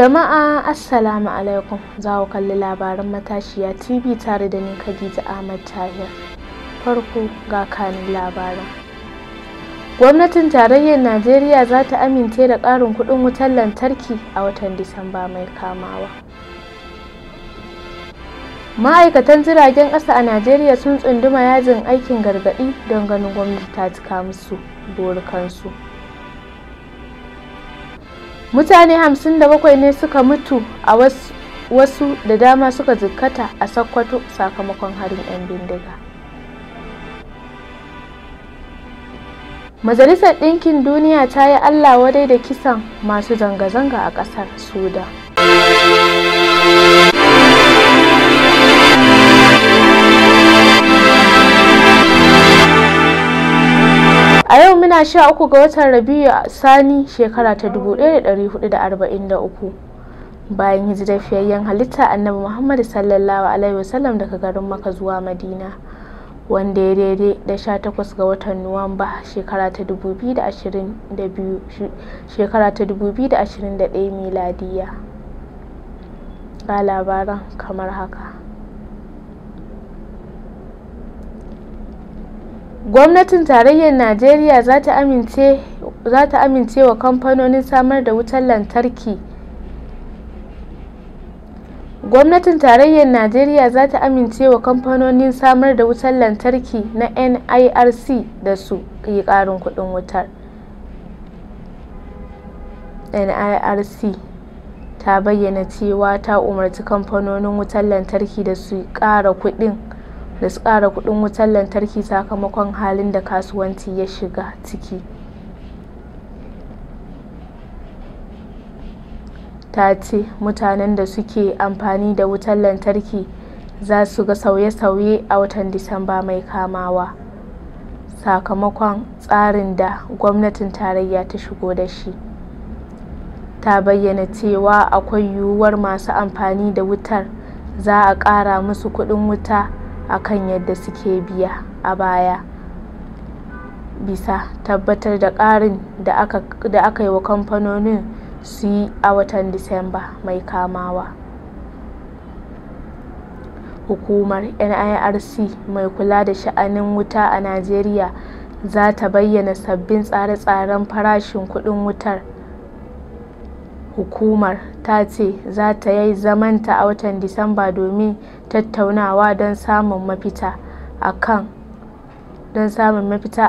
Jama'a Assalamu alaikum za ku kalli labaran matashiya TV tare da ni Khadija Ahmad Tahir. Farko ga kanin labaran. Gwamnatin tarayyar Najeriya za ta amince da ƙarin kuɗin wutar lantarki a watan Disamba mai kamawa. Ma'aikatan jiragen ƙasa a Najeriya sun tsunduma yajin aikin gargaɗi don ganin gwamnati ta cika musu burikansu. kansu. mutane hamsin da bakwai ne suka mutu a wasu, da dama suka zikkata a sakkwato sakamakon harin 'yan bindiga majalisar ɗinkin duniya ta yi allah wadai da kisan masu zanga-zanga a ƙasar sudan Ana sha uku ga watan Rabiu Sani shekara ta 1443 bayan hijirar fiyayyen halitta Annabi Muhammad sallallahu alaihi wasallam daga garin maka zuwa Madina wanda ya daidai da sha 18 ga watan Nuwamba shekara ta shekara ta 2021 miladiya. Ga labaran kamar haka. gwamnatin tarayyar najeriya za ta amince wa kamfanonin samar da wutar lantarki gwamnatin tarayyar najeriya za ta amince wa kamfanonin samar da wutar lantarki na nirc da su yi karin kudin wutar nirc ta bayyana cewa ta umarci kamfanonin wutar lantarki da su kara kudin da su ƙara kuɗin wutar lantarki sakamakon halin da kasuwanci ya shiga ciki. Ta ce mutanen da suke amfani da wutar lantarki za su ga sauye-sauye a watan Disamba mai kamawa, sakamakon tsarin da gwamnatin tarayya ta shigo da shi. Ta bayyana cewa akwai yiwuwar masu amfani da wutar za a ƙara musu kuɗin wuta akan yadda suke biya a baya bisa tabbatar da ƙarin da aka yi wa kamfanonin su yi a watan disamba mai kamawa hukumar nirc mai kula da sha'anin wuta a najeriya za ta bayyana sabbin tsare-tsaren farashin kudin wutar Hukumar ta ce za ta yi zamanta a watan Disamba domin tattaunawa don samun mafita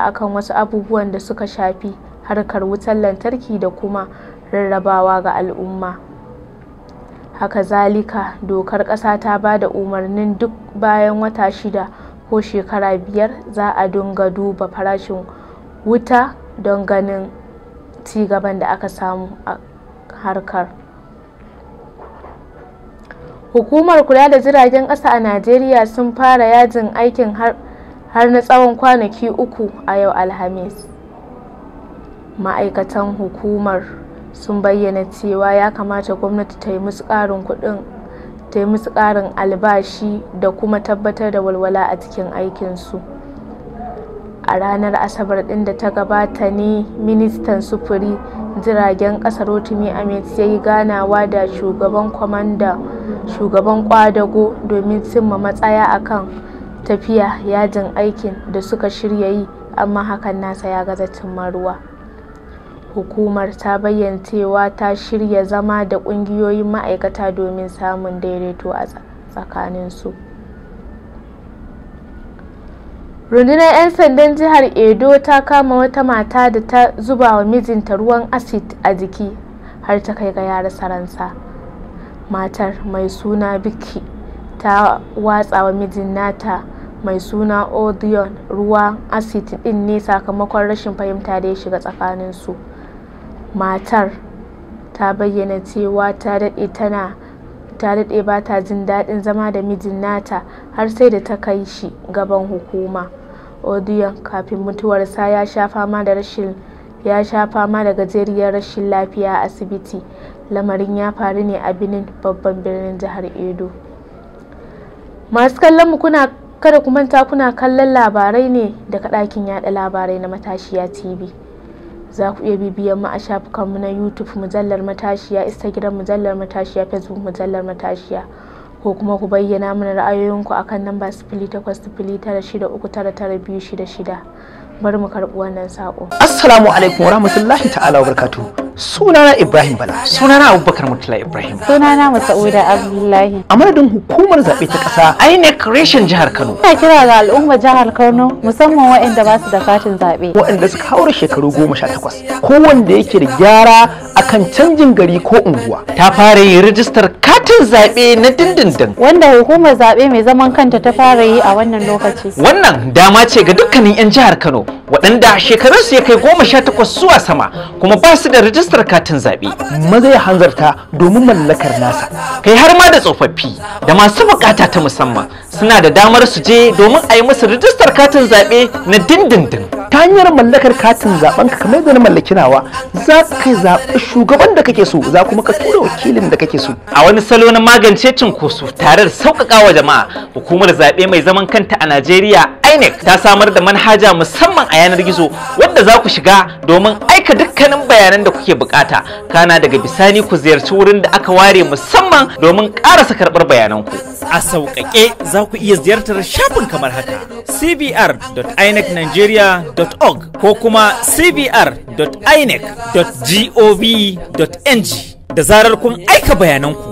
a kan wasu abubuwan da suka shafi harkar wutar lantarki da kuma rarrabawa ga al'umma. haka zalika dokar ƙasa ta ba da umarnin duk bayan wata shida ko shekara biyar za a dinga duba farashin wuta don ganin cigaban da aka samu. harkar hukumar kula da jiragen ƙasa a najeriya sun fara yajin aikin har na tsawon kwanaki uku a yau alhamis ma'aikatan hukumar sun bayyana cewa ya kamata gwamnati ta yi musu ƙarin kuɗin ta yi musu ƙarin albashi da kuma tabbatar da walwala a cikin aikinsu a ranar asabar ɗin da ta gabata ne ministan sufuri jiragen kasar rotimi ames ya yi ganawa da shugaban kwadago domin cimma matsaya akan tafiya yajin aikin da suka shirya yi amma hakan nasa ya gaza cimma ruwa hukumar ta bayyana cewa ta shirya zama da ƙungiyoyin ma'aikata domin samun daidaito a tsakaninsu rundunar 'yan sandan jihar edo ta kama wata mata da ta zuba wa mijinta ruwan acid a jiki har ta kai ga yara saransa matar mai suna biki ta watsa wa mijin nata mai suna odion ruwan acid din ne sakamakon rashin fahimta da ya shiga tsakaninsu matar ta bayyana cewa ta daɗe tana ta daɗe ba ta jin daɗin zama da mijin nata har sai da ta kai shi gaban hukuma odion kafin mutuwarsa ya sha fama da rashin ya sha fama da gajeriyar rashin lafiya a asibiti lamarin ya faru ne a benin babban birnin jihar edo masu kallon mu kuna kada ku manta kuna kallon labarai ne daga ɗakin yada labarai na matashiya tv za ku iya bibiyan mu a shafukanmu na youtube mujallar matashiya instagram mujallar matashiya facebook mujallar matashiya ko kuma ku bayyana mana ra'ayoyinku akan namba shida? bari mu karɓi wannan saƙo assalamu alaikum rahmatullahi ta'ala wabarakatuh sunana ibrahim bala sunana abubakar mutala ibrahim sunana masauda abdullahi a madadin hukumar zaɓe ta ƙasa inec reshen jihar kano ina kira ga al'ummar jihar kano musamman waɗanda ba su da katin zaɓe waɗanda suka haura shekaru goma sha takwas ko wanda yake da gyara akan canjin gari ko unguwa ta fara yin rijistar katin zaɓe na dindindin wanda hukumar zaɓe mai zaman kanta ta fara yi a wannan lokaci wannan dama ce ga dukkanin 'yan jihar kano waɗanda shekarunsu ya kai goma sha takwas zuwa sama kuma ba su da rijistar rajistar katin zaɓe maza ya hanzarta domin mallakar nasa kai har ma da tsofaffi da masu bukata ta musamman suna da damar su je domin a yi musu rajistar katin zaɓe na dindindin ta hanyar mallakar katin zaben ka kamar yadda na mallaki nawa za ka zaɓi shugaban da kake so za kuma ka tura wakilin da kake so a wani salo na magance cinkoso tare da sauƙaƙa wa jama'a hukumar zaɓe mai zaman kanta a Najeriya INEC ta samar da manhaja musamman a yanar gizo wadda za ku shiga domin aika dukkanin bayanan da kuke bukata kana daga bisani ku ziyarci wurin da aka ware musamman domin karasa karbar bayananku a sauƙaƙe za ku iya ziyartar shafin kamar haka cbr.inecnigeria.org ko kuma cbr.inec.gov.ng da zarar kun aika bayananku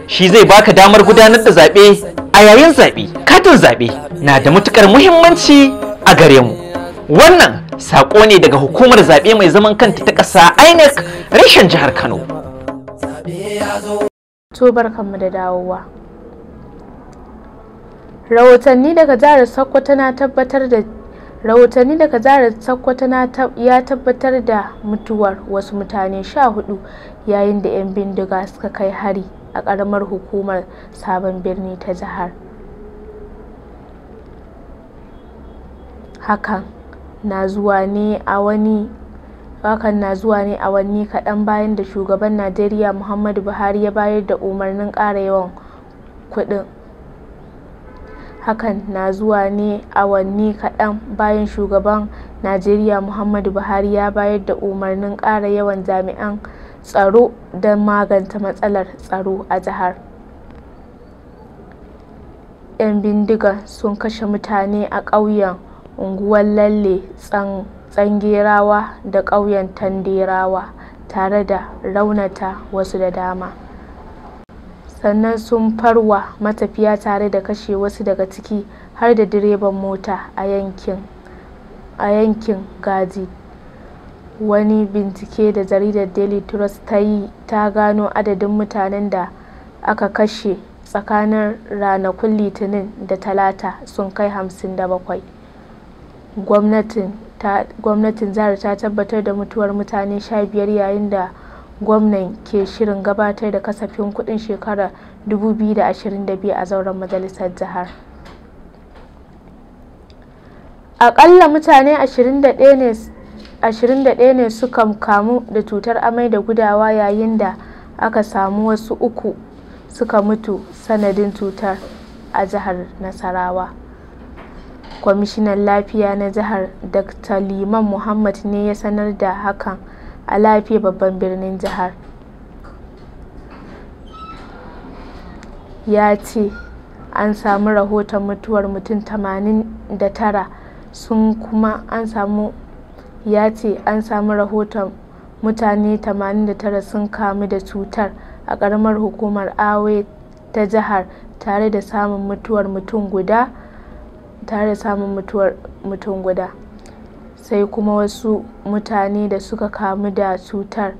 shi zai baka damar gudanar da zaɓe a yayin zaɓe katin zaɓe na da matukar muhimmanci a gare mu wannan saƙo ne daga hukumar zaɓe mai zaman kanta ta ƙasa inec reshen jihar kano to barkanmu da dawowa rahotanni daga jihar sokoto na tabbatar da rahotanni daga jihar sokoto ya tabbatar da mutuwar wasu mutane sha hudu yayin da 'yan bindiga suka kai hari a ƙaramar hukumar sabon birni ta jihar hakan na zuwa ne a wani kaɗan bayan da shugaban najeriya muhammadu buhari ya bayar da umarnin ƙara yawan kuɗin hakan na zuwa ne awanni kaɗan bayan shugaban najeriya muhammadu buhari ya bayar da umarnin ƙara yawan jami'an tsaro don magance matsalar tsaro a jihar. 'Yan bindiga sun kashe mutane a ƙauyen unguwar Lalle Tsangerawa da ƙauyen Tanderawa tare da raunata wasu da dama. Sannan sun farwa matafiya tare da kashe wasu daga ciki har da direban mota a yankin Gaji. Wani bincike da jaridar Daily Trust ta yi ta gano adadin mutanen da aka kashe tsakanin ranakun Litinin da Talata sun kai 57. Gwamnatin jihar ta tabbatar da mutuwar mutane 15 yayin da gwamnan ke shirin gabatar da kasafin kudin shekarar 2022 a zauren majalisar jihar. Akalla mutane 21 ne 21 ne suka kamu da cutar amai da gudawa yayin da aka samu wasu uku suka mutu sanadin cutar a jihar Nasarawa. Kwamishinan Lafiya na jihar Dr. Liman Muhammad ne ya sanar da hakan a Lafiya babban birnin jihar. Ya ce an samu rahoton mutuwar mutum 89 sun kuma an samu ya ce an samu rahoton mutane 89 sun kamu da cutar a ƙaramar hukumar Awe ta jihar tare da samun mutuwar mutum guda sai kuma wasu mutane da suka kamu da cutar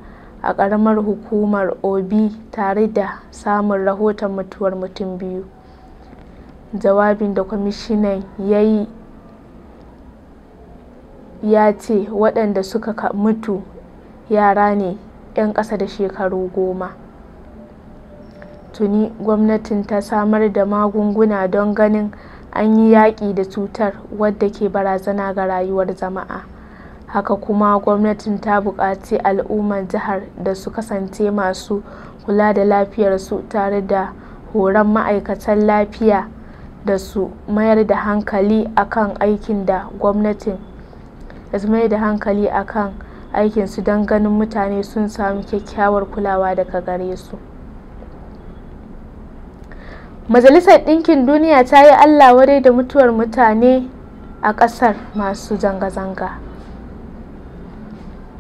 a ƙaramar hukumar obi tare da samun rahoton mutuwar mutum biyu jawabin da kwamishinan ya yi ya ce waɗanda suka mutu yara ne 'yan ƙasa da shekaru goma. Tuni gwamnatin ta samar da magunguna don ganin an yi yaƙi da cutar wadda ke barazana ga rayuwar jama'a. Haka kuma gwamnatin ta buƙaci al'ummar jihar da su kasance masu kula da lafiyarsu tare da horon ma'aikatan lafiya da su mayar da hankali akan aikin da gwamnatin da su mai da hankali a kan aikinsu don ganin mutane sun sami kyakkyawar kulawa daga gare su. Majalisar Ɗinkin Duniya ta yi Allah wadai da mutuwar mutane a ƙasar masu zanga-zanga.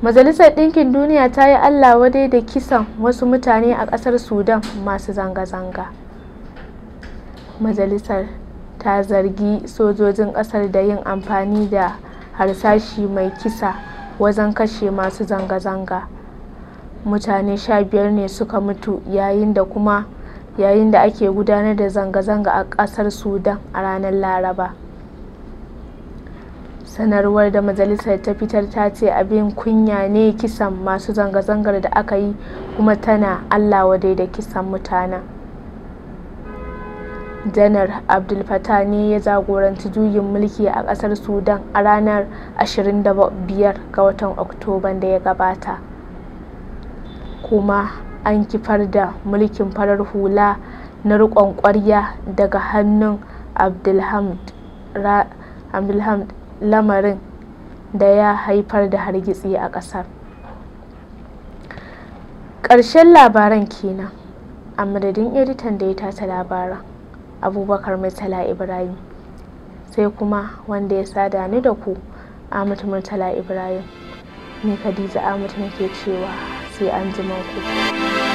Majalisar Ɗinkin Duniya ta yi Allah wadai da kisan wasu mutane a ƙasar Sudan masu zanga-zanga. Majalisar ta zargi sojojin ƙasar da yin amfani da harsashi mai kisa wajen kashe masu zanga-zanga mutane sha biyar ne suka mutu yayin da ake gudanar da zanga-zanga a ƙasar sudan a ranar laraba sanarwar da majalisar ta fitar ta ce abin kunya ne kisan masu zanga-zangar da aka yi kuma tana allah dai da kisan mutanen janar abdul ne ya jagoranci juyin mulki a kasar sudan a ranar 25 ga watan oktoba da ya gabata kuma an kifar da mulkin farar hula na riƙon ƙwarya daga hannun abdulhamid lamarin da ya haifar da hargitsi a ƙasar ƙarshen labaran kenan a madadin editan da ya tasa labaran abubakar murtala ibrahim sai kuma wanda ya sada ni da ku amut murtala ibrahim ni khadija amut nake cewa sai an ku.